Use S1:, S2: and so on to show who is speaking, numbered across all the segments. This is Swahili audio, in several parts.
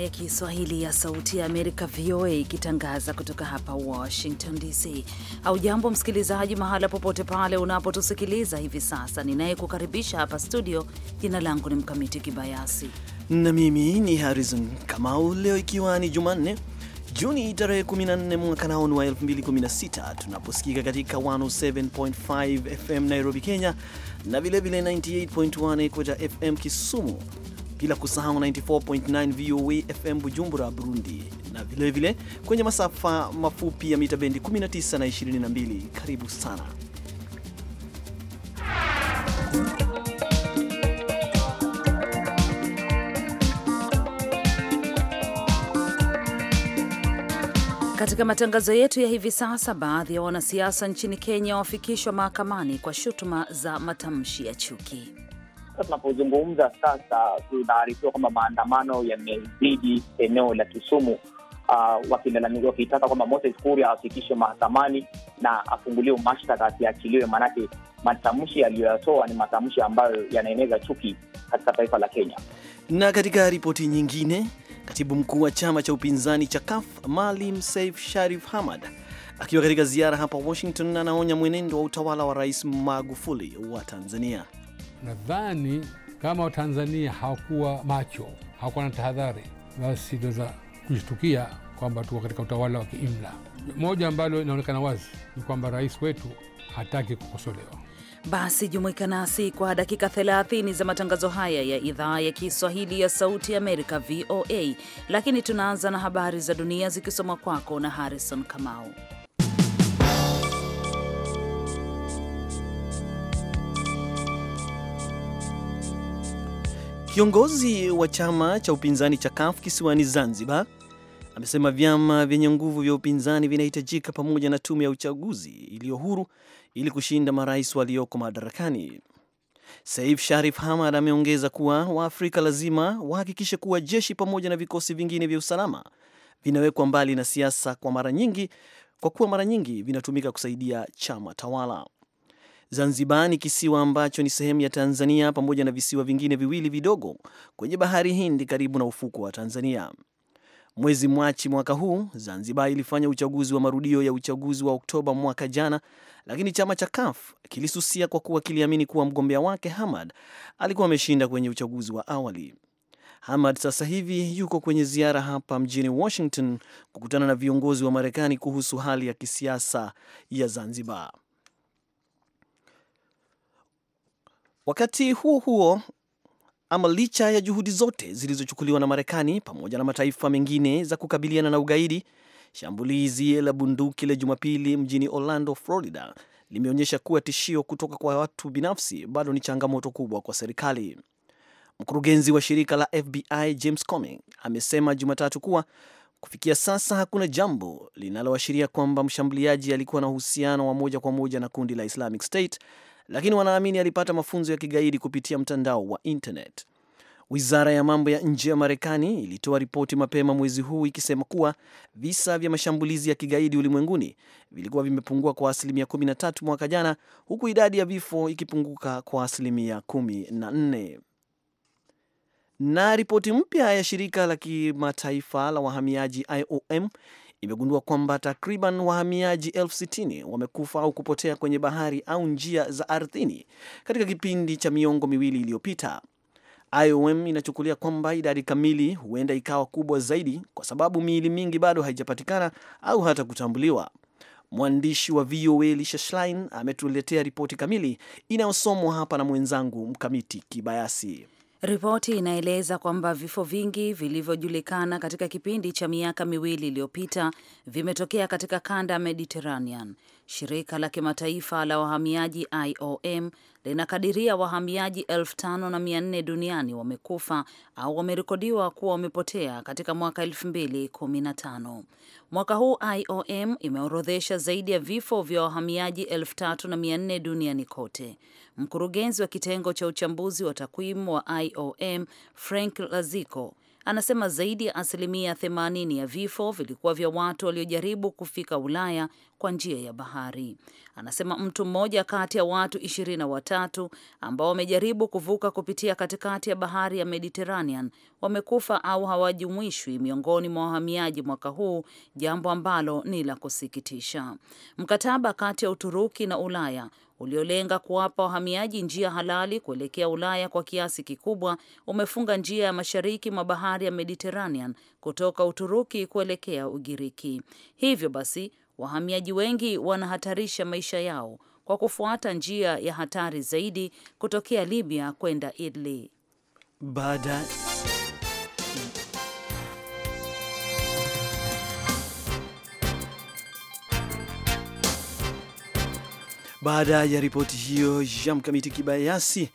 S1: ya Kiswahili ya Sauti ya Amerika, VOA, ikitangaza kutoka hapa Washington DC. jambo msikilizaji, mahala popote pale unapotusikiliza hivi sasa. Ninayekukaribisha hapa
S2: studio, jina langu ni Mkamiti Kibayasi na mimi ni Harrison Kamau. Leo ikiwa ni Jumanne, Juni tarehe 14 mwaka naonu wa 2016, tunaposikika katika 107.5 FM Nairobi, Kenya na vilevile 98.1 Equator FM Kisumu bila kusahau 94.9 VOA FM Bujumbura, Burundi, na vilevile vile kwenye masafa mafupi ya mita bendi 19 na 22. Karibu sana.
S1: Katika matangazo yetu ya hivi sasa, baadhi ya wanasiasa nchini Kenya wafikishwa mahakamani kwa shutuma za matamshi ya chuki.
S3: Mpaka tunapozungumza sasa, tunaarifiwa kwamba maandamano yamezidi eneo la Kisumu, uh, wakitaka kwamba Moses Kuria afikishwe mahakamani na afunguliwe mashtaka asiachiliwe, maanake matamshi aliyoyatoa ni matamshi ambayo yanaeneza chuki katika taifa la Kenya.
S2: Na katika ripoti nyingine, katibu mkuu wa chama cha upinzani cha KAF Maalim Seif Sharif Hamad akiwa katika ziara hapa Washington, anaonya mwenendo wa utawala wa Rais Magufuli wa Tanzania.
S4: Nadhani kama Watanzania hawakuwa macho, hawakuwa na tahadhari, basi tunaweza kushtukia kwamba tuko katika utawala wa kiimla. Moja ambalo inaonekana wazi ni kwamba rais wetu hataki kukosolewa.
S1: Basi jumuika nasi kwa dakika 30 za matangazo haya ya idhaa ya Kiswahili ya Sauti Amerika, VOA, lakini tunaanza na habari za dunia zikisomwa kwako na Harrison Kamau.
S2: Kiongozi wa chama cha upinzani cha CUF kisiwani Zanzibar amesema vyama vyenye nguvu vya upinzani vinahitajika pamoja na tume ya uchaguzi iliyo huru ili kushinda marais walioko madarakani. Saif Sharif Hamad ameongeza kuwa Waafrika lazima wahakikishe kuwa jeshi pamoja na vikosi vingine vya usalama vinawekwa mbali na siasa kwa mara nyingi, kwa kuwa mara nyingi vinatumika kusaidia chama tawala. Zanzibar ni kisiwa ambacho ni sehemu ya Tanzania pamoja na visiwa vingine viwili vidogo kwenye bahari Hindi karibu na ufuko wa Tanzania. Mwezi Machi mwaka huu Zanzibar ilifanya uchaguzi wa marudio ya uchaguzi wa Oktoba mwaka jana, lakini chama cha KAF kilisusia kwa kuwa kiliamini kuwa mgombea wake Hamad alikuwa ameshinda kwenye uchaguzi wa awali. Hamad sasa hivi yuko kwenye ziara hapa mjini Washington kukutana na viongozi wa Marekani kuhusu hali ya kisiasa ya Zanzibar. Wakati huo huo, ama licha ya juhudi zote zilizochukuliwa na Marekani pamoja na mataifa mengine za kukabiliana na ugaidi, shambulizi la bunduki la Jumapili mjini Orlando, Florida limeonyesha kuwa tishio kutoka kwa watu binafsi bado ni changamoto kubwa kwa serikali. Mkurugenzi wa shirika la FBI James Comey amesema Jumatatu kuwa kufikia sasa hakuna jambo linaloashiria kwamba mshambuliaji alikuwa na uhusiano wa moja kwa moja na kundi la Islamic State lakini wanaamini alipata mafunzo ya kigaidi kupitia mtandao wa internet. Wizara ya mambo ya nje ya Marekani ilitoa ripoti mapema mwezi huu ikisema kuwa visa vya mashambulizi ya kigaidi ulimwenguni vilikuwa vimepungua kwa asilimia 13 mwaka jana, huku idadi ya vifo ikipunguka kwa asilimia 14. Na ripoti mpya ya shirika la kimataifa la wahamiaji IOM imegundua kwamba takriban wahamiaji elfu sitini wamekufa au kupotea kwenye bahari au njia za ardhini katika kipindi cha miongo miwili iliyopita. IOM inachukulia kwamba idadi kamili huenda ikawa kubwa zaidi kwa sababu miili mingi bado haijapatikana au hata kutambuliwa. Mwandishi wa VOA Lisha Schlein ametuletea ripoti kamili inayosomwa hapa na mwenzangu Mkamiti Kibayasi.
S1: Ripoti inaeleza kwamba vifo vingi vilivyojulikana katika kipindi cha miaka miwili iliyopita vimetokea katika kanda ya Mediterranean. Shirika la kimataifa la wahamiaji IOM linakadiria wahamiaji 54 duniani wamekufa au wamerekodiwa kuwa wamepotea katika mwaka 2015. Mwaka huu IOM imeorodhesha zaidi ya vifo vya wahamiaji elfu duniani kote. Mkurugenzi wa kitengo cha uchambuzi wa takwimu wa IOM Frank Laziko anasema zaidi ya asilimia 80 ya vifo vilikuwa vya watu waliojaribu kufika Ulaya kwa njia ya bahari. Anasema mtu mmoja kati ya watu ishirini na watatu ambao wamejaribu kuvuka kupitia katikati ya bahari ya Mediterranean wamekufa au hawajumuishwi miongoni mwa wahamiaji mwaka huu, jambo ambalo ni la kusikitisha. Mkataba kati ya Uturuki na Ulaya uliolenga kuwapa wahamiaji njia halali kuelekea Ulaya kwa kiasi kikubwa umefunga njia ya mashariki mwa bahari ya Mediterranean kutoka Uturuki kuelekea Ugiriki. Hivyo basi, wahamiaji wengi wanahatarisha maisha yao kwa kufuata njia ya hatari zaidi kutokea Libya kwenda Italy
S2: baada Baada ya ripoti hiyo ya mkamiti kibayasi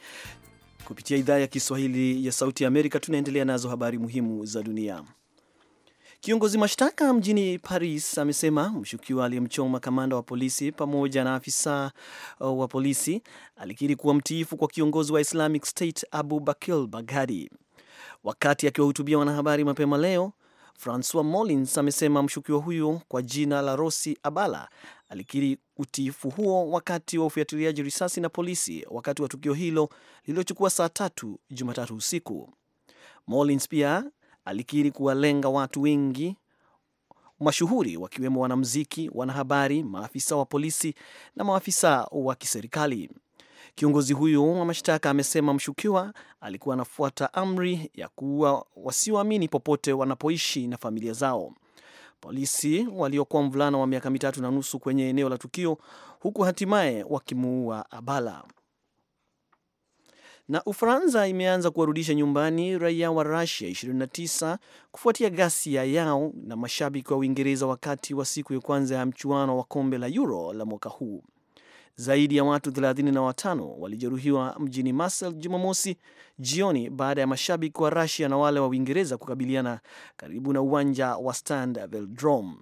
S2: kupitia idhaa ya Kiswahili ya Sauti ya Amerika, tunaendelea nazo habari muhimu za dunia. Kiongozi mashtaka mjini Paris amesema mshukiwa aliyemchoma kamanda wa polisi pamoja na afisa uh, wa polisi alikiri kuwa mtiifu kwa kiongozi wa Islamic State Abu Bakr Baghadi. Wakati akiwahutubia wanahabari mapema leo, Francois Molins amesema mshukiwa huyo kwa jina la Rosi Abala alikiri utiifu huo wakati wa ufuatiliaji risasi na polisi wakati wa tukio hilo lililochukua saa tatu Jumatatu usiku. Molins pia alikiri kuwalenga watu wengi mashuhuri wakiwemo wanamuziki, wanahabari, maafisa wa polisi na maafisa wa kiserikali. Kiongozi huyo wa mashtaka amesema mshukiwa alikuwa anafuata amri ya kuwa wasioamini popote wanapoishi na familia zao. Polisi waliokuwa mvulana wa miaka mitatu na nusu kwenye eneo la tukio, huku hatimaye wakimuua Abala. Na Ufaransa imeanza kuwarudisha nyumbani raia wa Rusia 29 kufuatia ghasia yao na mashabiki wa Uingereza wakati wa siku ya kwanza ya mchuano wa kombe la Euro la mwaka huu. Zaidi ya watu 35 walijeruhiwa mjini Marsel Jumamosi jioni baada ya mashabiki wa rasia na wale wa Uingereza kukabiliana karibu na uwanja wa Stand Veldrom.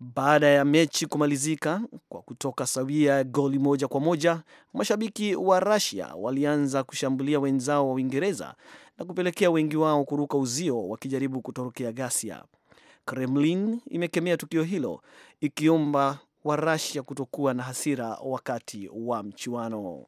S2: baada ya mechi kumalizika kwa kutoka sawia goli moja kwa moja, mashabiki wa Russia walianza kushambulia wenzao wa Uingereza na kupelekea wengi wao kuruka uzio wakijaribu kutorokea ghasia. Kremlin imekemea tukio hilo ikiomba wa Russia kutokuwa na hasira wakati wa mchuano.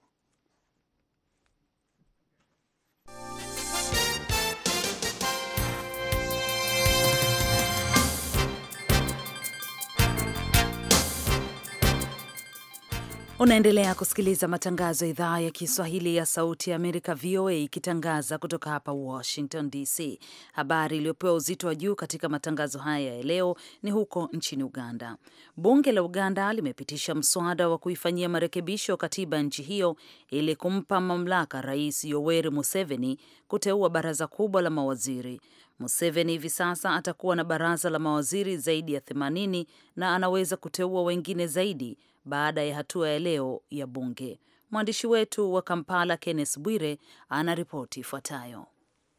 S1: Unaendelea kusikiliza matangazo ya idhaa ya Kiswahili ya Sauti ya Amerika, VOA, ikitangaza kutoka hapa Washington DC. Habari iliyopewa uzito wa juu katika matangazo haya ya leo ni huko nchini Uganda. Bunge la Uganda limepitisha mswada wa kuifanyia marekebisho katiba ya nchi hiyo ili kumpa mamlaka Rais Yoweri Museveni kuteua baraza kubwa la mawaziri. Museveni hivi sasa atakuwa na baraza la mawaziri zaidi ya 80 na anaweza kuteua wengine zaidi baada ya hatua ya leo ya bunge. Mwandishi wetu wa Kampala Kenneth Bwire ana ripoti ifuatayo.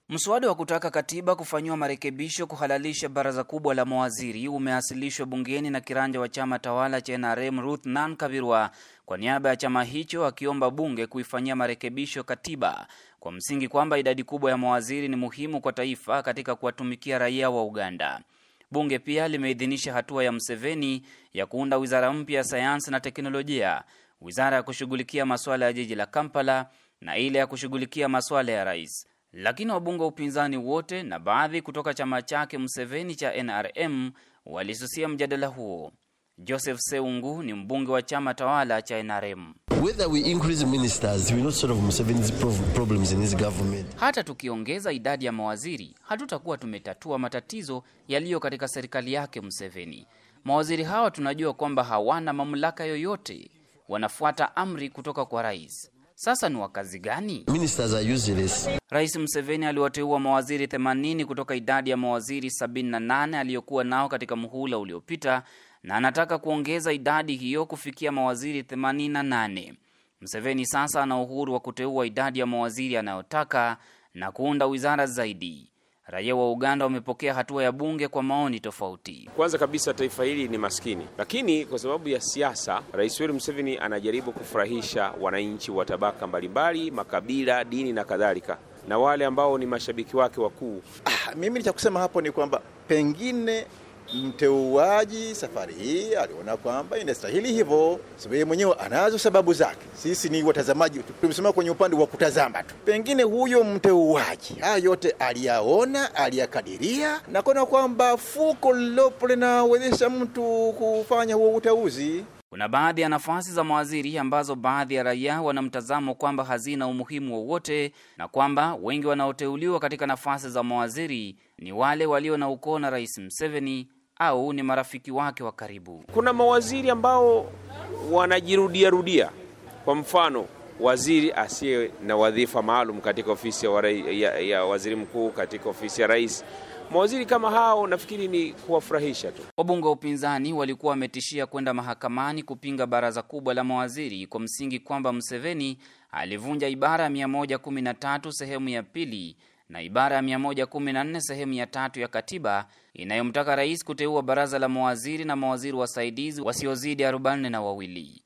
S5: Mswada wa kutaka katiba kufanyiwa marekebisho
S1: kuhalalisha
S5: baraza kubwa la mawaziri umewasilishwa bungeni na kiranja wa chama tawala cha NRM Ruth Nankabirwa kwa niaba ya chama hicho akiomba bunge kuifanyia marekebisho katiba kwa msingi kwamba idadi kubwa ya mawaziri ni muhimu kwa taifa katika kuwatumikia raia wa Uganda. Bunge pia limeidhinisha hatua ya Mseveni ya kuunda wizara mpya ya sayansi na teknolojia, wizara ya kushughulikia masuala ya jiji la Kampala na ile ya kushughulikia masuala ya rais. Lakini wabunge wa upinzani wote na baadhi kutoka chama chake Mseveni cha NRM walisusia mjadala huo. Joseph Seungu ni mbunge wa chama tawala cha NRM. Hata tukiongeza idadi ya mawaziri hatutakuwa tumetatua matatizo yaliyo katika serikali yake Museveni. Mawaziri hawa tunajua kwamba hawana mamlaka yoyote, wanafuata amri kutoka kwa rais. Sasa ni wakazi gani?
S2: Ministers are useless.
S5: Rais Museveni aliwateua mawaziri 80 kutoka idadi ya mawaziri 78 aliyokuwa nao katika muhula uliopita na anataka kuongeza idadi hiyo kufikia mawaziri 88. Mseveni sasa ana uhuru wa kuteua idadi ya mawaziri anayotaka na kuunda wizara zaidi. Raia wa Uganda wamepokea hatua ya bunge kwa maoni tofauti.
S6: Kwanza kabisa, taifa hili ni maskini, lakini kwa sababu ya siasa, Rais Yoweri Museveni anajaribu kufurahisha wananchi wa tabaka mbalimbali, makabila, dini na kadhalika, na wale ambao ni mashabiki wake wakuu. Ah, mimi nitakusema hapo ni kwamba pengine mteuaji safari hii aliona kwamba inastahili hivyo, sababu yeye mwenyewe anazo sababu zake. Sisi ni watazamaji, tumesema kwenye upande wa kutazama tu. Pengine huyo mteuaji haya yote aliyaona, aliyakadiria na kuona kwamba fuko lilopo linawezesha mtu kufanya huo uteuzi.
S5: Kuna baadhi ya nafasi za mawaziri ambazo baadhi ya raia wanamtazamo kwamba hazina umuhimu wowote na kwamba wengi wanaoteuliwa katika nafasi za mawaziri ni wale walio na ukoo na Rais Museveni au ni marafiki wake wa karibu.
S6: Kuna mawaziri ambao wanajirudiarudia, kwa mfano waziri asiye na wadhifa maalum katika ofisi ya, ya, ya waziri mkuu katika ofisi ya rais. Mawaziri kama hao nafikiri
S5: ni kuwafurahisha tu. Wabunge wa upinzani walikuwa wametishia kwenda mahakamani kupinga baraza kubwa la mawaziri kwa msingi kwamba Museveni alivunja ibara ya 113 sehemu ya pili na ibara ya 114 sehemu ya tatu ya katiba inayomtaka rais kuteua baraza la mawaziri na mawaziri wasaidizi wasiozidi arobaini na wawili.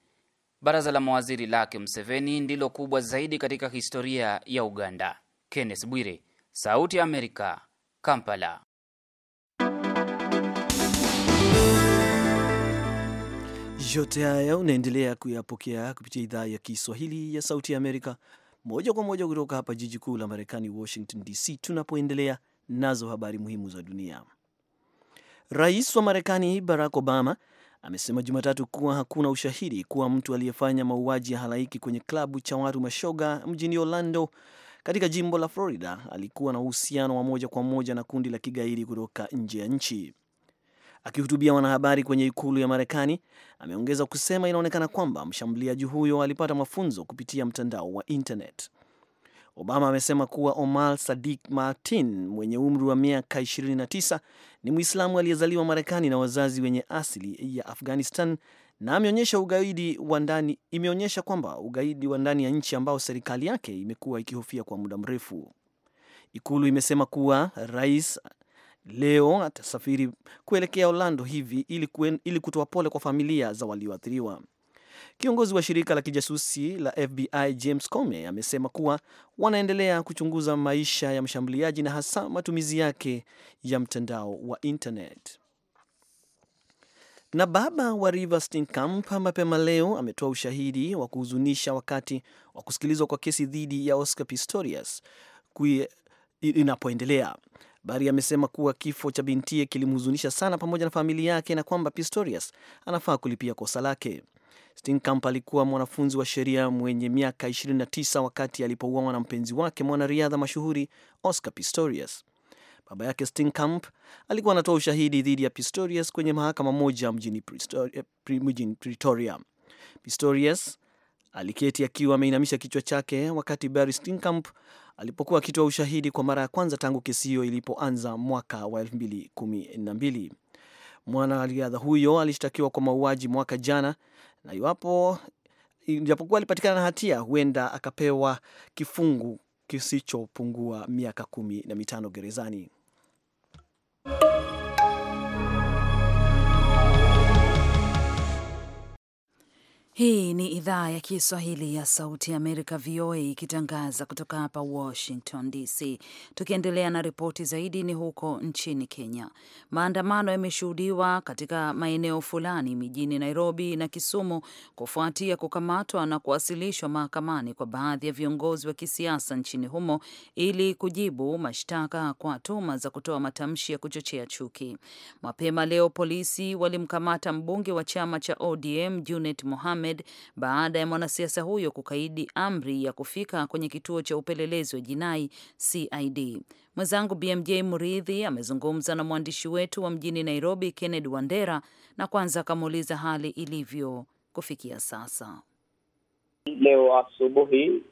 S5: Baraza la mawaziri lake mseveni ndilo kubwa zaidi katika historia ya Uganda. Kenneth Bwire, Sauti ya Amerika, Kampala.
S2: Yote haya unaendelea kuyapokea kupitia idhaa ya Kiswahili ya Sauti ya Amerika moja kwa moja kutoka hapa jiji kuu la Marekani, Washington DC, tunapoendelea nazo habari muhimu za dunia. Rais wa Marekani Barack Obama amesema Jumatatu kuwa hakuna ushahidi kuwa mtu aliyefanya mauaji ya halaiki kwenye klabu cha watu mashoga mjini Orlando katika jimbo la Florida alikuwa na uhusiano wa moja kwa moja na kundi la kigaidi kutoka nje ya nchi. Akihutubia wanahabari kwenye ikulu ya Marekani, ameongeza kusema inaonekana kwamba mshambuliaji huyo alipata mafunzo kupitia mtandao wa internet. Obama amesema kuwa Omar Sadik Martin mwenye umri wa miaka 29 ni Mwislamu aliyezaliwa Marekani na wazazi wenye asili ya Afghanistan na ameonyesha ugaidi wa ndani, imeonyesha kwamba ugaidi wa ndani ya nchi ambao serikali yake imekuwa ikihofia kwa muda mrefu. Ikulu imesema kuwa rais leo atasafiri kuelekea Orlando hivi ili, ili kutoa pole kwa familia za walioathiriwa. Kiongozi wa shirika la kijasusi la FBI James Comey amesema kuwa wanaendelea kuchunguza maisha ya mshambuliaji na hasa matumizi yake ya mtandao wa internet. Na baba wa River Stinkamp mapema leo ametoa ushahidi wa kuhuzunisha wakati wa kusikilizwa kwa kesi dhidi ya Oscar Pistorius inapoendelea. Bari amesema kuwa kifo cha bintie kilimhuzunisha sana pamoja na familia yake na kwamba Pistorius anafaa kulipia kosa lake. Steenkamp alikuwa mwanafunzi wa sheria mwenye miaka 29 wakati alipouawa na mpenzi wake mwanariadha mashuhuri Oscar Pistorius. Baba yake Steenkamp alikuwa anatoa ushahidi dhidi ya Pistorius kwenye mahakama moja mjini Pretoria. Pistorius aliketi akiwa ameinamisha kichwa chake wakati Barry Steenkamp alipokuwa akitoa ushahidi kwa mara ya kwanza tangu kesi hiyo ilipoanza mwaka wa 2012. Mwanariadha huyo alishtakiwa kwa mauaji mwaka jana, na iwapo ijapokuwa alipatikana na hatia, huenda akapewa kifungu kisichopungua miaka kumi na mitano gerezani.
S1: Hii ni idhaa ya Kiswahili ya Sauti ya Amerika, VOA, ikitangaza kutoka hapa Washington DC. Tukiendelea na ripoti zaidi, ni huko nchini Kenya. Maandamano yameshuhudiwa katika maeneo fulani mijini Nairobi na Kisumu kufuatia kukamatwa na kuwasilishwa mahakamani kwa baadhi ya viongozi wa kisiasa nchini humo ili kujibu mashtaka kwa tuhuma za kutoa matamshi ya kuchochea chuki. Mapema leo polisi walimkamata mbunge wa chama cha ODM Junet Mohamed Mohamed baada ya mwanasiasa huyo kukaidi amri ya kufika kwenye kituo cha upelelezi wa jinai CID. Mwenzangu BMJ Muridhi amezungumza na mwandishi wetu wa mjini Nairobi, Kennedy Wandera, na kwanza akamuuliza hali ilivyo kufikia sasa.
S3: Leo asubuhi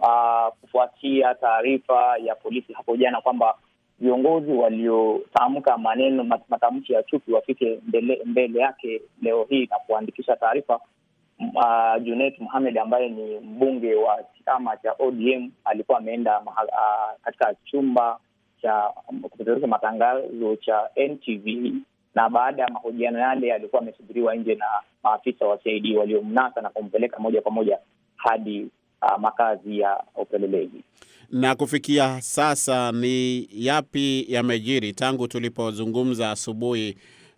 S3: uh, kufuatia taarifa ya polisi hapo jana kwamba viongozi waliotamka maneno matamshi ya chuki wafike mbele, mbele yake leo hii na kuandikisha taarifa, uh, Junet Mohamed ambaye ni mbunge wa chama cha ODM alikuwa ameenda uh, katika chumba cha um, kupeperusha matangazo cha NTV na baada ya mahojiano yale alikuwa amesubiriwa nje na maafisa wa CID waliomnasa na kumpeleka moja kwa moja hadi uh, makazi ya upelelezi.
S6: Na kufikia sasa ni yapi yamejiri tangu tulipozungumza asubuhi?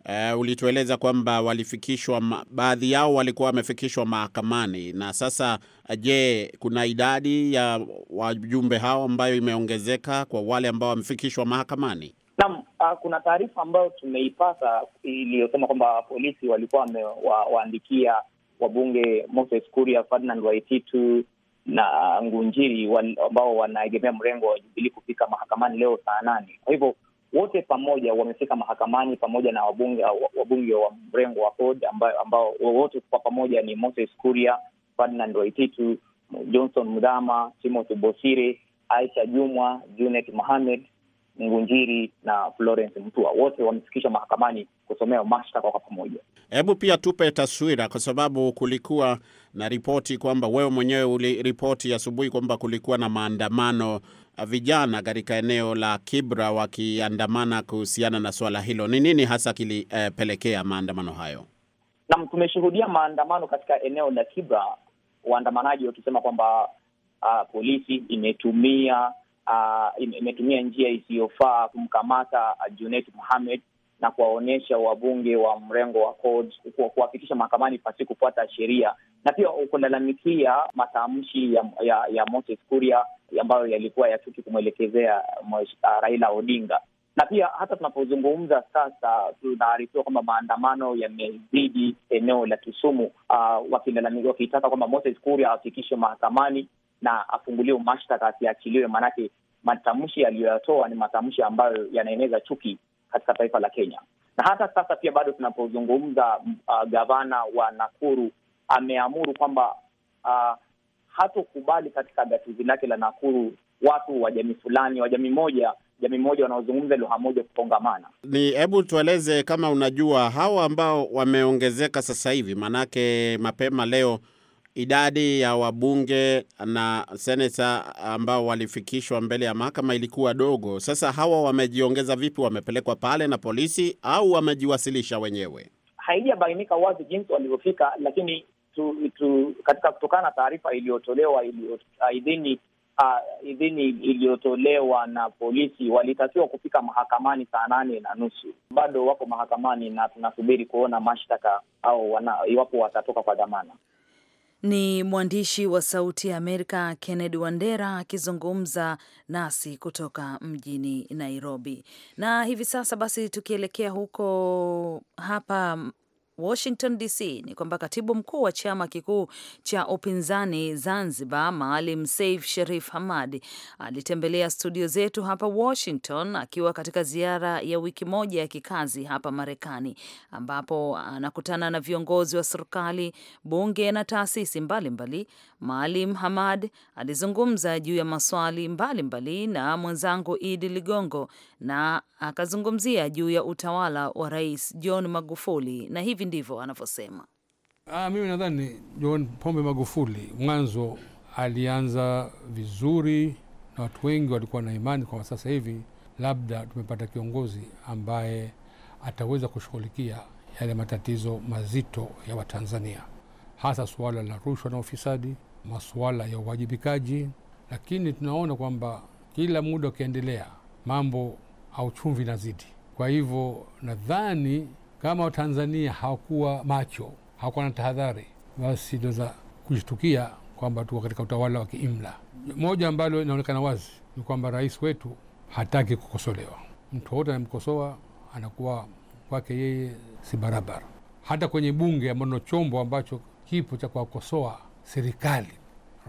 S6: Uh, ulitueleza kwamba walifikishwa, baadhi yao walikuwa wamefikishwa mahakamani na sasa. Eh, je, kuna idadi ya wajumbe hao ambayo imeongezeka kwa wale ambao wamefikishwa mahakamani?
S3: nam uh, ah, kuna taarifa ambayo tumeipata iliyosema kwamba polisi walikuwa wamewaandikia wabunge Moses Kuria, Ferdinand Waititu na Ngunjiri ambao wanaegemea mrengo wa jubilii kufika mahakamani leo saa nane. Kwa hivyo wote pamoja wamefika mahakamani pamoja na wabunge wabunge wa mrengo wa CORD ambao wote kwa pamoja ni Moses Kuria, Ferdinand Waititu, Johnson Mdhama, Timothy Bosire, Aisha Jumwa, Junet Mohamed Ngunjiri na Florence Mtua, wote wamefikishwa mahakamani kusomea mashtaka kwa pamoja.
S6: Hebu pia tupe taswira, kwa sababu kulikuwa na ripoti kwamba wewe mwenyewe uliripoti asubuhi kwamba kulikuwa na maandamano vijana katika eneo la Kibra wakiandamana kuhusiana na suala hilo. Ni nini hasa kilipelekea eh, maandamano hayo?
S3: Naam, tumeshuhudia maandamano katika eneo la Kibra, waandamanaji wakisema kwamba uh, polisi imetumia uh, imetumia njia isiyofaa kumkamata Junet Mohamed na kuwaonyesha wabunge wa mrengo wa CORD kuwafikisha mahakamani pasi kufuata sheria, na pia ukulalamikia matamshi ya, ya, ya Moses Kuria ambayo yalikuwa ya chuki kumwelekezea ah, Raila Odinga. Na pia hata tunapozungumza sasa, tunaarifiwa kwamba maandamano yamezidi eneo la Kisumu, uh, wakilalamika, wakitaka kwamba Moses Kuria afikishwe mahakamani na afunguliwe mashtaka asiachiliwe, maanake matamshi yaliyoyatoa ni matamshi ambayo yanaeneza chuki katika taifa la Kenya. Na hata sasa pia bado tunapozungumza, uh, gavana wa Nakuru ameamuru kwamba uh, hatokubali katika gatuzi lake la Nakuru watu wa jamii fulani wa jamii moja jamii moja wanaozungumza lugha moja kupongamana
S6: Ni hebu tueleze kama unajua hawa ambao wameongezeka sasa hivi, maanake mapema leo idadi ya wabunge na seneta ambao walifikishwa mbele ya mahakama ilikuwa dogo. Sasa hawa wamejiongeza vipi? Wamepelekwa pale na polisi au wamejiwasilisha wenyewe?
S3: Haijabainika wazi jinsi walivyofika, lakini itu, itu katika kutokana na taarifa iliyotolewa idhini uh, idhini iliyotolewa na polisi, walitakiwa kufika mahakamani saa nane na nusu. Bado wako mahakamani na tunasubiri kuona mashtaka au wana, iwapo watatoka kwa dhamana.
S1: Ni mwandishi wa Sauti ya Amerika Kennedy Wandera akizungumza nasi kutoka mjini Nairobi. Na hivi sasa basi, tukielekea huko hapa Washington DC ni kwamba katibu mkuu wa chama kikuu cha upinzani Zanzibar, Maalim saif Sharif Hamad alitembelea studio zetu hapa Washington akiwa katika ziara ya wiki moja ya kikazi hapa Marekani, ambapo anakutana na viongozi wa serikali, bunge na taasisi mbalimbali. Maalim Hamad alizungumza juu ya maswali mbalimbali na mwenzangu Idi Ligongo na akazungumzia juu ya utawala wa Rais John Magufuli na hivi ndivyo anavyosema.
S4: Ah, mimi nadhani John Pombe Magufuli mwanzo alianza vizuri na watu wengi walikuwa na imani kwamba sasa hivi labda tumepata kiongozi ambaye ataweza kushughulikia yale matatizo mazito ya Watanzania, hasa suala la rushwa na ufisadi, masuala ya uwajibikaji. Lakini tunaona kwamba kila muda ukiendelea, mambo au chumvi inazidi. Kwa hivyo nadhani kama Watanzania hawakuwa macho, hawakuwa na tahadhari, basi inaweza kushtukia kwamba tuko katika utawala wa kiimla. Moja ambalo inaonekana wazi ni kwamba rais wetu hataki kukosolewa. Mtu wote anamkosoa anakuwa kwake yeye si barabara. Hata kwenye bunge ambano chombo ambacho kipo cha kuwakosoa serikali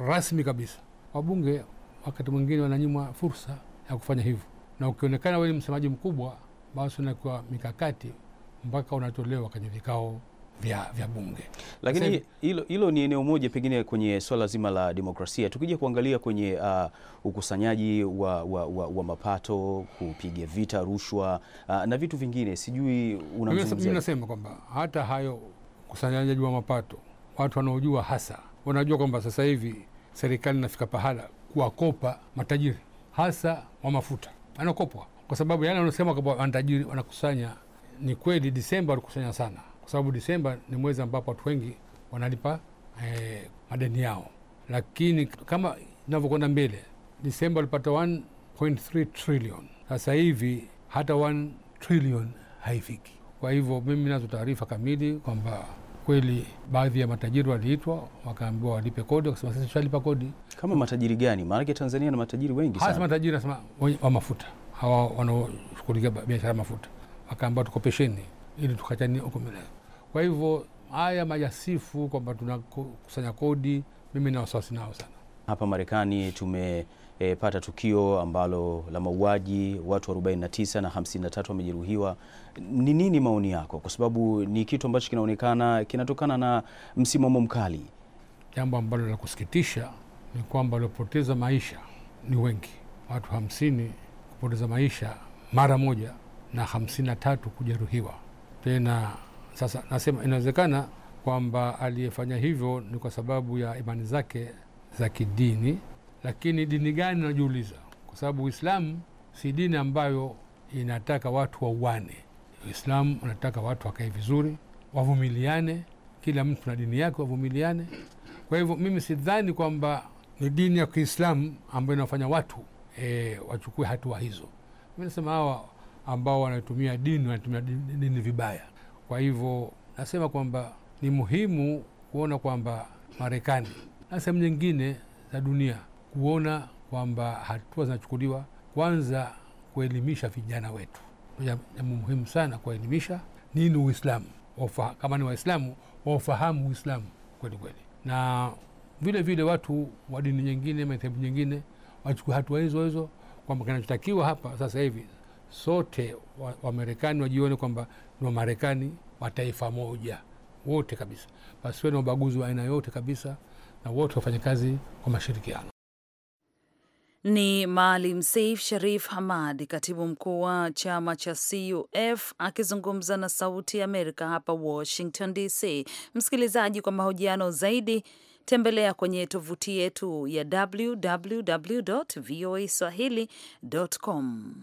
S4: rasmi kabisa, wabunge wakati mwingine wananyimwa fursa ya kufanya hivyo, na ukionekana wewe ni msemaji mkubwa, basi unakiwa mikakati mpaka unatolewa kwenye vikao vya, vya bunge. Lakini
S2: hilo hilo ni eneo moja pengine kwenye swala zima la demokrasia. Tukija kuangalia kwenye uh, ukusanyaji wa, wa, wa, wa mapato, kupiga vita rushwa uh, na vitu vingine, sijui unamzungumzia. Mimi nasema
S4: kwamba hata hayo ukusanyaji wa mapato, watu wanaojua hasa wanajua kwamba sasa hivi serikali inafika pahala kuwakopa matajiri hasa wa mafuta, anakopwa kwa sababu yale wanasema kwamba matajiri wanakusanya ni kweli Disemba walikusanya sana, kwa sababu Disemba ni mwezi ambapo watu wengi wanalipa eh, madeni yao, lakini kama inavyokwenda mbele Disemba walipata 1.3 trillion, sasa hivi hata 1 trillion haifiki. Kwa hivyo mimi nazo taarifa kamili kwamba kweli baadhi ya matajiri waliitwa wakaambiwa walipe kodi, wakasema sisi tushalipa kodi.
S2: Kama matajiri gani? Maanake Tanzania na matajiri wengi sana, hasa
S4: matajiri nasema wa mafuta hawa wanaoshughulikia biashara mafuta akaamba tukopesheni ili tukachani okomelea. Kwa hivyo haya majasifu kwamba tunakusanya kodi, mimi na wasiwasi nao sana.
S2: Hapa Marekani tumepata eh, e, tukio ambalo la mauaji watu 49 na 53 wamejeruhiwa. Ni nini maoni yako? Kwa sababu ni kitu ambacho kinaonekana kinatokana na msimamo mkali.
S4: Jambo ambalo la kusikitisha ni kwamba waliopoteza maisha ni wengi, watu 50 kupoteza maisha mara moja na hamsini na tatu kujeruhiwa. Tena sasa nasema inawezekana kwamba aliyefanya hivyo ni kwa sababu ya imani zake za kidini, lakini dini gani najiuliza, kwa sababu Uislamu si dini ambayo inataka watu wauane. Uislamu unataka watu wakae vizuri, wavumiliane, kila mtu na dini yake, wavumiliane. Kwa hivyo mimi sidhani kwamba ni dini ya Kiislamu ambayo inawafanya watu e, wachukue hatua hizo. Mi nasema hawa ambao wanatumia dini wanatumia dini vibaya. Kwa hivyo nasema kwamba ni muhimu kuona kwamba Marekani na sehemu nyingine za dunia kuona kwamba hatua zinachukuliwa, kwanza kuelimisha vijana wetu, jambo muhimu sana kuwaelimisha nini Uislamu, kama ni Waislamu wafahamu Uislamu kweli kweli, na vile vile watu wa dini nyingine, madhehebu nyingine wachukue hatua hizo hizo, kwamba kinachotakiwa hapa sasa hivi sote Wamarekani wajione kwamba ni Wamarekani wa taifa moja wote kabisa, pasiwe na ubaguzi wa aina yote kabisa, na wote wafanye kazi kwa mashirikiano.
S1: Ni Maalim Seif Sharif Hamad, katibu mkuu wa chama cha CUF akizungumza na Sauti ya Amerika hapa Washington DC. Msikilizaji, kwa mahojiano zaidi tembelea kwenye tovuti yetu ya www voa swahili com.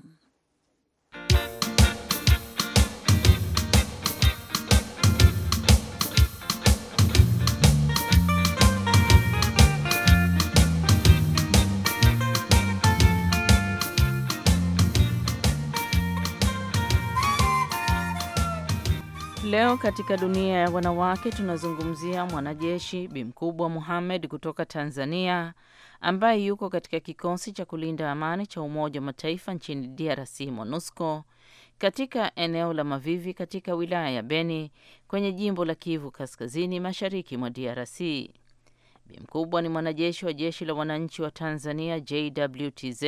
S1: Leo katika dunia ya wanawake tunazungumzia mwanajeshi Bi Mkubwa muhammed kutoka Tanzania ambaye yuko katika kikosi cha kulinda amani cha Umoja wa Mataifa nchini DRC MONUSCO katika eneo la Mavivi katika wilaya ya Beni kwenye jimbo la Kivu Kaskazini Mashariki mwa DRC. Bi Mkubwa ni mwanajeshi wa jeshi la wananchi wa Tanzania JWTZ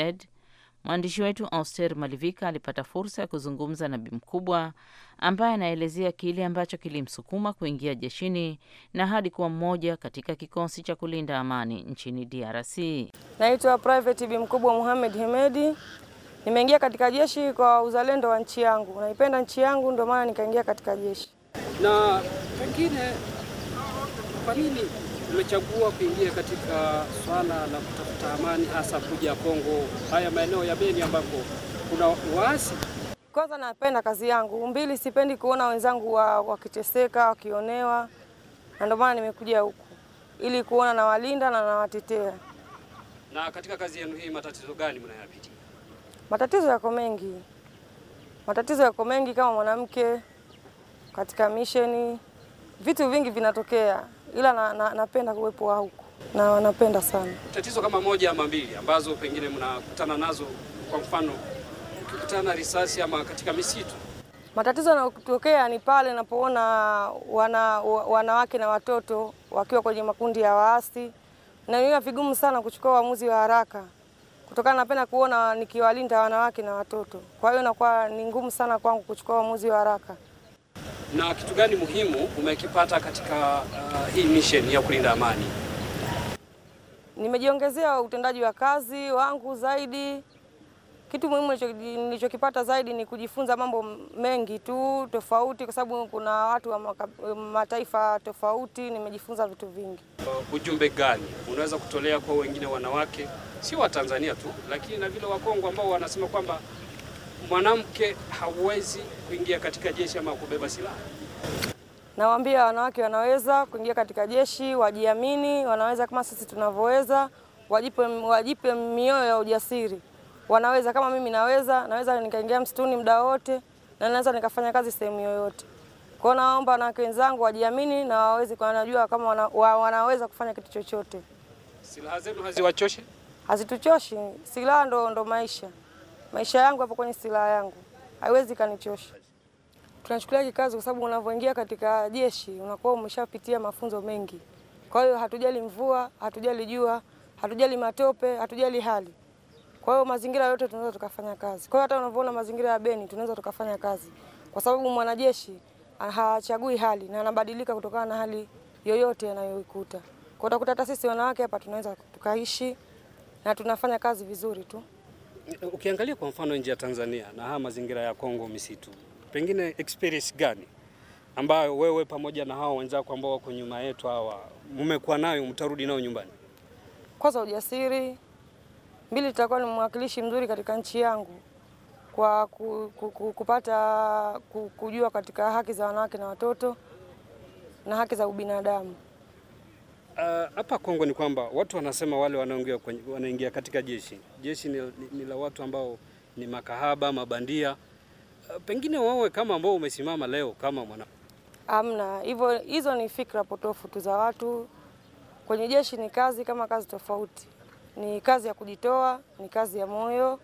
S1: Mwandishi wetu Auster Malivika alipata fursa ya kuzungumza na Bi Mkubwa ambaye anaelezea kile ambacho kilimsukuma kuingia jeshini na hadi kuwa mmoja katika kikosi cha kulinda amani nchini DRC.
S7: Naitwa Private Bi Mkubwa Muhamed Hemedi. Nimeingia katika jeshi kwa uzalendo wa nchi yangu, naipenda nchi yangu, ndio maana nikaingia katika jeshi.
S8: Na pengine kwa nini Tumechagua kuingia katika swala la kutafuta amani, hasa kuja Kongo, haya maeneo ya Beni ambako kuna waasi.
S7: Kwanza napenda kazi yangu, mbili sipendi kuona wenzangu wakiteseka, wakionewa, na ndio maana nimekuja huku ili kuona nawalinda na nawatetea.
S8: Na katika kazi yenu hii, matatizo gani mnayapitia?
S7: Matatizo yako mengi, matatizo yako mengi. Kama mwanamke katika misheni, vitu vingi vinatokea ila na, na, napenda kuwepo huko na wanapenda sana.
S8: Tatizo kama moja ama mbili ambazo pengine mnakutana nazo, kwa mfano ukikutana na risasi ama katika misitu,
S7: matatizo yanayotokea ni pale napoona wana, wanawake na watoto wakiwa kwenye makundi ya waasi, na niwa vigumu sana kuchukua uamuzi wa haraka kutokana napenda kuona nikiwalinda wanawake na watoto, kwa hiyo inakuwa ni ngumu sana kwangu kuchukua uamuzi wa haraka
S8: na kitu gani muhimu umekipata katika uh, hii mission ya kulinda amani?
S7: Nimejiongezea utendaji wa kazi wangu zaidi. Kitu muhimu nilichokipata zaidi ni kujifunza mambo mengi tu tofauti, kwa sababu kuna watu wa mataifa tofauti. Nimejifunza vitu vingi.
S8: Uh, ujumbe gani unaweza kutolea kwa wengine wanawake, sio wa Tanzania tu, lakini na vile Wakongo ambao wanasema kwamba mwanamke hauwezi kuingia katika jeshi ama kubeba silaha?
S7: Nawaambia wanawake wanaweza kuingia katika jeshi, wajiamini, wanaweza kama sisi tunavyoweza, wajipe, wajipe mioyo ya ujasiri. Wanaweza kama mimi naweza, naweza nikaingia msituni muda wote na naweza nikafanya kazi sehemu yoyote. Kwa naomba wanawake wenzangu wajiamini na waweze, wanajua kama wana, wa, wanaweza kufanya kitu chochote.
S8: Silaha zenu haziwachoshi?
S7: Hazituchoshi, silaha ndo, ndo maisha maisha yangu hapo kwenye silaha yangu, haiwezi kanichosha. Tunachukulia kikazi kwa sababu unavyoingia katika jeshi unakuwa umeshapitia mafunzo mengi. Kwa hiyo hatujali mvua, hatujali jua, hatujali matope, hatujali hali. Kwa hiyo mazingira yote tunaweza tukafanya kazi. Kwa hiyo hata unavyoona mazingira ya Beni tunaweza tukafanya kazi, kwa sababu mwanajeshi ah, hachagui hali na anabadilika kutokana na hali yoyote anayoikuta. Kwa hiyo utakuta hata sisi wanawake hapa tunaweza tukaishi na tunafanya kazi vizuri tu.
S8: Ukiangalia kwa mfano nje ya Tanzania na haya mazingira ya Kongo misitu, pengine experience gani ambayo wewe pamoja na hawa wenzako ambao wako nyuma yetu hawa mmekuwa nayo mtarudi nayo nyumbani?
S7: Kwanza ujasiri, mbili nitakuwa ni mwakilishi mzuri katika nchi yangu kwa ku, ku, ku, kupata ku, kujua katika haki za wanawake na watoto na haki za ubinadamu.
S8: Ah, hapa uh, Kongo ni kwamba watu wanasema wale wanaoingia wanaingia katika jeshi, jeshi ni, ni la watu ambao ni makahaba mabandia. Uh, pengine wawe kama ambao umesimama leo kama mwana
S7: amna hivyo. Hizo ni fikra potofu tu za watu. Kwenye jeshi ni kazi kama kazi tofauti, ni kazi ya kujitoa, ni kazi ya moyo.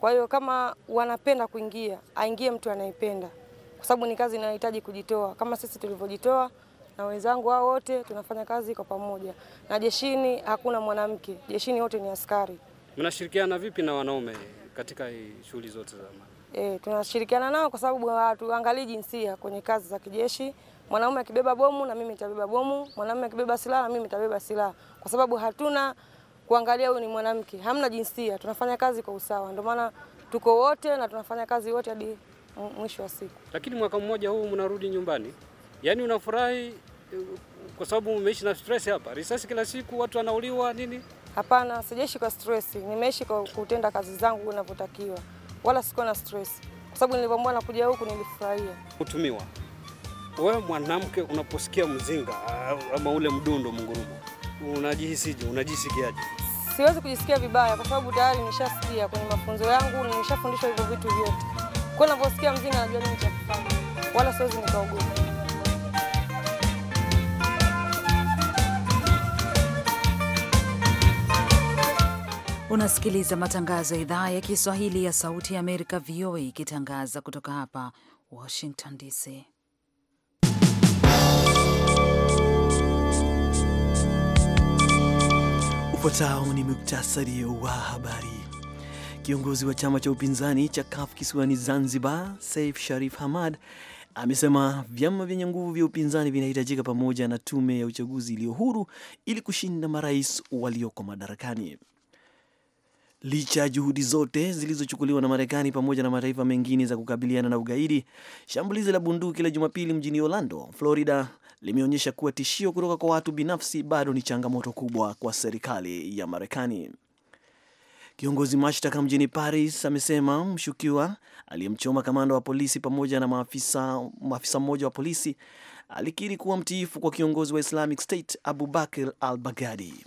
S7: Kwa hiyo kama wanapenda kuingia, aingie mtu anayependa, kwa sababu ni kazi inayohitaji kujitoa kama sisi tulivyojitoa na wenzangu hao wote tunafanya kazi kwa pamoja, na jeshini hakuna mwanamke, jeshini wote ni askari.
S8: Mnashirikiana vipi na wanaume katika shughuli zote za amani?
S7: E, tunashirikiana nao kwa sababu hatuangalii jinsia kwenye kazi za kijeshi. Mwanaume akibeba bomu na mimi nitabeba bomu, mwanaume akibeba silaha na mimi nitabeba silaha, kwa sababu hatuna kuangalia huyu ni mwanamke, hamna jinsia, tunafanya kazi kwa usawa. Ndio maana tuko wote na tunafanya kazi wote hadi mwisho wa siku.
S8: Lakini mwaka mmoja huu mnarudi nyumbani? yani unafurahi eh, kwa sababu umeishi na stress hapa, risasi
S7: kila siku, watu wanauliwa nini. Hapana, sijaishi kwa stress, nimeishi kwa kutenda kazi zangu ninavyotakiwa, wala siko na stress kwa sababu na kuja huku nilifurahia
S8: kutumiwa. Wewe mwanamke unaposikia mzinga ah, ama ule mdundo mngurumo, unajihisije? Unajisikiaje?
S7: Siwezi kujisikia vibaya kwa sababu tayari nimeshasikia kwenye mafunzo yangu, nimeshafundishwa hivyo vitu vyote. Kwa ninavyosikia mzinga najua nini cha kufanya, wala siwezi nikaogopa.
S1: Unasikiliza matangazo ya idhaa ya Kiswahili ya Sauti ya Amerika, VOA, ikitangaza kutoka hapa Washington DC.
S2: Ufuatao ni muktasari wa habari. Kiongozi wa chama cha upinzani cha KAF kisiwani Zanzibar, Saif Sharif Hamad, amesema vyama vyenye nguvu vya upinzani vinahitajika pamoja na tume ya uchaguzi iliyo huru ili kushinda marais walioko madarakani. Licha ya juhudi zote zilizochukuliwa na Marekani pamoja na mataifa mengine za kukabiliana na ugaidi, shambulizi la bunduki la Jumapili mjini Orlando, Florida limeonyesha kuwa tishio kutoka kwa watu binafsi bado ni changamoto kubwa kwa serikali ya Marekani. Kiongozi mashtaka mjini Paris amesema mshukiwa aliyemchoma kamanda wa polisi pamoja na maafisa maafisa mmoja wa polisi alikiri kuwa mtiifu kwa kiongozi wa Islamic State Abu al-Baghdadi.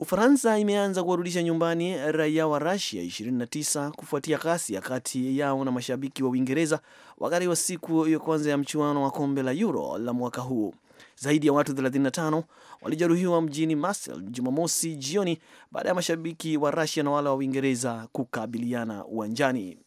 S2: Ufaransa imeanza kuwarudisha nyumbani raia wa Rusia 29 kufuatia kasi ya kati yao na mashabiki wa Uingereza wakati wa siku ya kwanza ya mchuano wa kombe la Euro la mwaka huu. Zaidi ya watu 35 walijeruhiwa mjini Marsel Jumamosi jioni baada ya mashabiki wa Rusia na wale wa Uingereza kukabiliana uwanjani.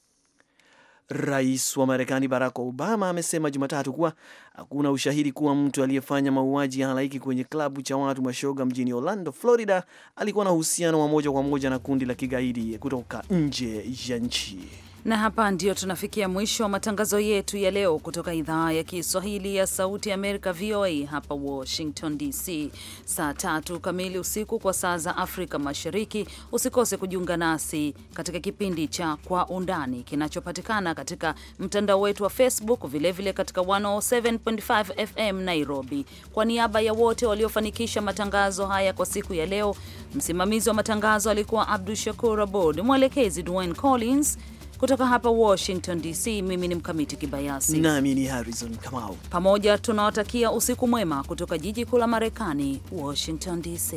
S2: Rais wa Marekani Barack Obama amesema Jumatatu kuwa hakuna ushahidi kuwa mtu aliyefanya mauaji ya halaiki kwenye klabu cha watu mashoga mjini Orlando, Florida alikuwa na uhusiano wa moja kwa moja na kundi la kigaidi kutoka nje ya nchi.
S1: Na hapa ndio tunafikia mwisho wa matangazo yetu ya leo kutoka idhaa ya Kiswahili ya Sauti ya Amerika, VOA hapa Washington DC, saa tatu kamili usiku kwa saa za Afrika Mashariki. Usikose kujiunga nasi katika kipindi cha Kwa Undani kinachopatikana katika mtandao wetu wa Facebook, vilevile vile katika 107.5 FM Nairobi. Kwa niaba ya wote waliofanikisha matangazo haya kwa siku ya leo, msimamizi wa matangazo alikuwa Abdu Shakur Abod, mwelekezi Dwayne Collins. Kutoka hapa Washington DC, mimi ni Mkamiti Kibayasi nami
S2: ni Harrison Kamau.
S1: Pamoja tunawatakia usiku mwema kutoka jiji kuu la Marekani, Washington DC.